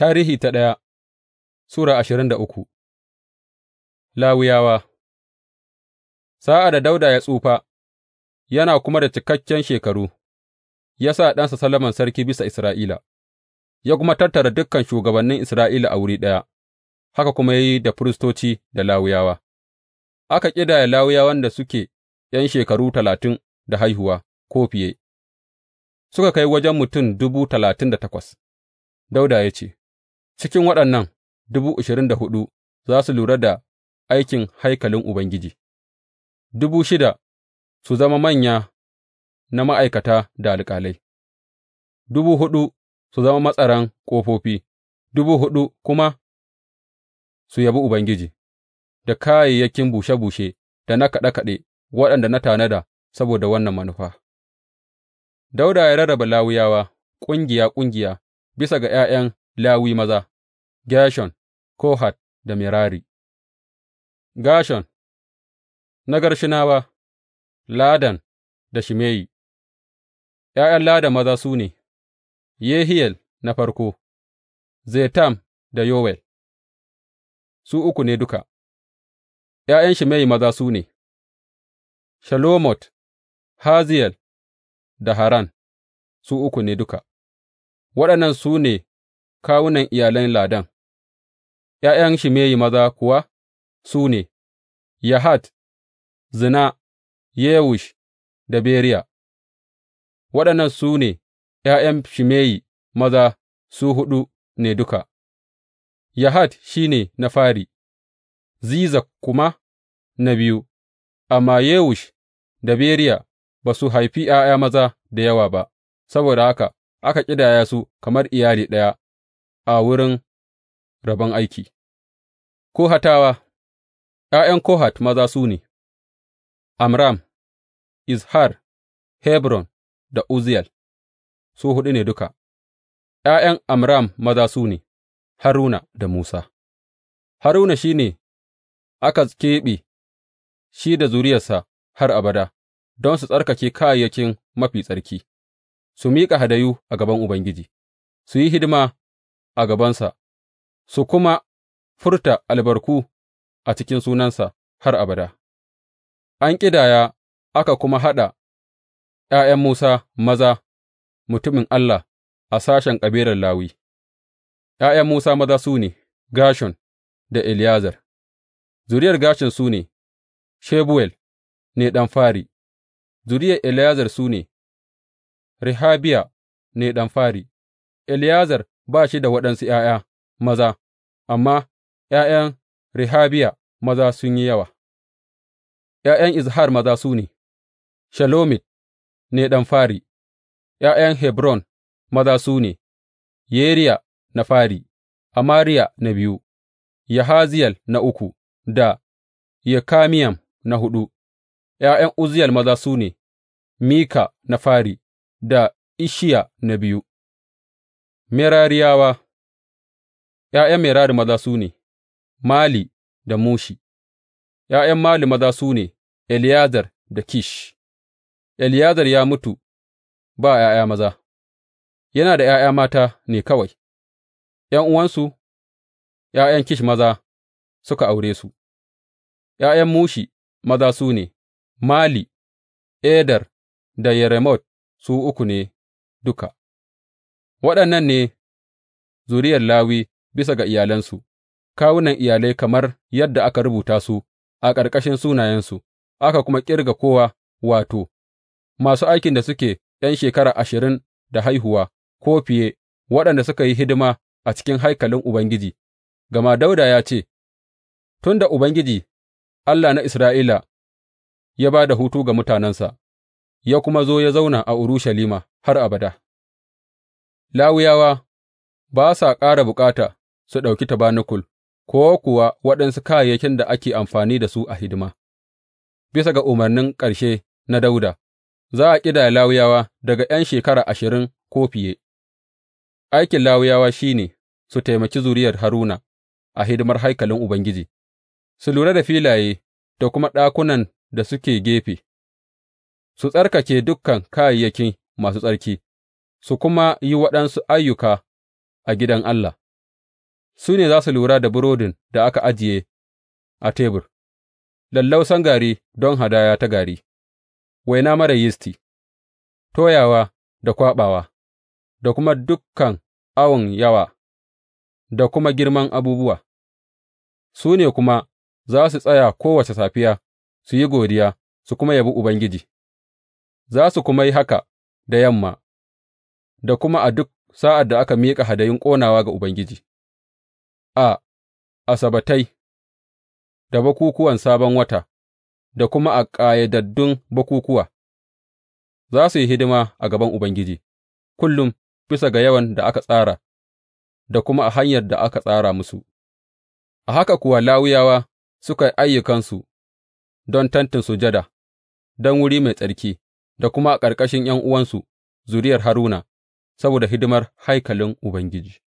Tarihi ta ɗaya Sura ashirin da uku Lawiyawa Sa'a da Dauda ya tsufa, yana kuma da cikakken shekaru, ya sa ɗansa salaman sarki bisa Isra'ila, ya kuma tattara dukan shugabannin Isra'ila a wuri ɗaya, haka kuma ya yi da firistoci da Lawiyawa. Aka ƙidaya Lawiyawan da suke ’yan shekaru talatin da haihuwa ko fiye, suka kai wajen mutum dubu talatin da takwas, Dauda ya ce. Cikin waɗannan, dubu ashirin da hudu za su lura da aikin haikalin Ubangiji, dubu shida su zama manya na ma'aikata da alƙalai, dubu huɗu su zama matsaran ƙofofi, dubu huɗu kuma su yabi Ubangiji, da kayayyakin bushe bushe da na kaɗe kaɗe waɗanda na tanada saboda wannan manufa. Dauda ya rarraba Lawiyawa ƙungiya ƙungiya bisa ga ’ya'yan Lawi maza. Gershon, Kohat da Merari Gershon na Gershonawa, Ladan da Shimeyi ’Ya'yan Ladan maza su ne, Yehiyel na farko, Zetam da Yowel, su uku ne duka, ’ya'yan Shimeyi maza su ne, Shalomot. Haziyel da Haran, su uku ne duka, waɗannan su ne. Kawunan iyalan Ladan ’Ya'yan Shimeyi maza kuwa su ne, Yahat, Zina, Yewush da Beriya Waɗannan su ne ’ya'yan Shimeyi maza, su huɗu ne duka, Yahat shi ne na fari, Ziza kuma na biyu, amma Yewush da Beriya ba su haifi ’ya'ya maza da yawa ba, saboda haka aka ƙidaya su kamar iyali ɗaya. a wurin rabon aiki Kohatawa ’Ya'yan Kohat maza su ne, Amram, Izhar, Hebron da Uzziyel, su huɗu ne duka, ’ya'yan Amram maza su ne, Haruna da Musa. Haruna shi ne aka keɓe shi da zuriyarsa har abada don su tsarkake kayayyakin mafi tsarki, su miƙa hadayu a gaban Ubangiji, su yi hidima a gabansa su kuma furta albarku a cikin sunansa har abada, an ƙidaya aka kuma haɗa ’ya'yan Musa maza mutumin Allah a sashen ƙabilar Lawi, ’ya'yan Musa maza su ne, Gashon da Eliyazar, zuriyar Gashon su ne, Shebuwel ne ɗan fari, zuriyar Eliyazar su ne, Rehabiya ne ɗan fari, Eliyazar ba shi da waɗansu ’ya'ya maza, amma ’ya'yan Rehabiya maza sun yi yawa, ’ya'yan Izhar maza su ne, Shalomit ne ɗan fari, ’ya'yan Hebron maza su ne, Yeriya na fari, Amariya na biyu, Yahaziyel na uku da Yekamiyam na huɗu, ’ya'yan Uzziyel maza su ne, Mika na fari da Isshiya na biyu. Merariyawa ’Ya'yan Merari maza su ne, Mali da Mushi; ’ya'yan Mali maza su ne, Eleyazar da Kish Eleyazar ya mutu ba ’ya'ya maza, yana da ’ya'ya mata ne kawai, ’yan'uwansu, ’ya'yan Kish maza suka aure su, ’ya'yan Mushi maza su ne, Mali, Eder da Yeremot, su uku ne duka. Waɗannan ne zuriyar Lawi bisa ga iyalansu, kawunan iyalai kamar yadda aka rubuta su a ƙarƙashin sunayensu, aka kuma ƙirga kowa, wato, masu aikin da suke ’yan shekara ashirin da haihuwa ko fiye waɗanda suka yi hidima a cikin haikalin Ubangiji, gama Dauda ya ce, Tun da Ubangiji, Allah na Isra'ila, ya ba da hutu ga mutanensa, ya kuma zo ya zauna a Urushalima har abada. Lawiyawa ba sa ƙara bukata su ɗauki tabanakul ko kuwa waɗansu kayayyakin da ake amfani da su a hidima, bisa ga umarnin ƙarshe na Dawuda, za a ƙidaya Lawiyawa daga ’yan shekara ashirin ko fiye, aikin Lawiyawa shi ne su taimaki zuriyar Haruna a hidimar haikalin Ubangiji, su lura da filaye da kuma ɗakunan da suke gefe, su tsarkake dukkan kayayyaki masu tsarki. su kuma yi waɗansu ayyuka a gidan Allah, su ne za su lura da burodin da aka ajiye a tebur, lallausan gari don hadaya ta gari, waina mara yisti, toyawa da kwaɓawa, da kuma dukkan awon yawa, da kuma girman abubuwa, su ne kuma za su tsaya kowace safiya su yi godiya su kuma yabi Ubangiji, za su kuma yi haka da yamma. da kuma a duk sa'ad da aka miƙa hadayun ƙonawa ga Ubangiji, a Asabbatai, da bukukuwan Sabon Wata, da kuma a ƙayyadaddun bukukuwa, za su yi hidima a gaban Ubangiji, kullum bisa ga yawan da aka tsara, da kuma a hanyar da aka tsara musu. A haka kuwa Lawiyawa suka yi ayyukansu don Tentin Sujada, don wuri mai tsarki, da kuma a ƙarƙashin ’yan'uwansu, zuriyar Haruna, saboda hidimar haikalin Ubangiji.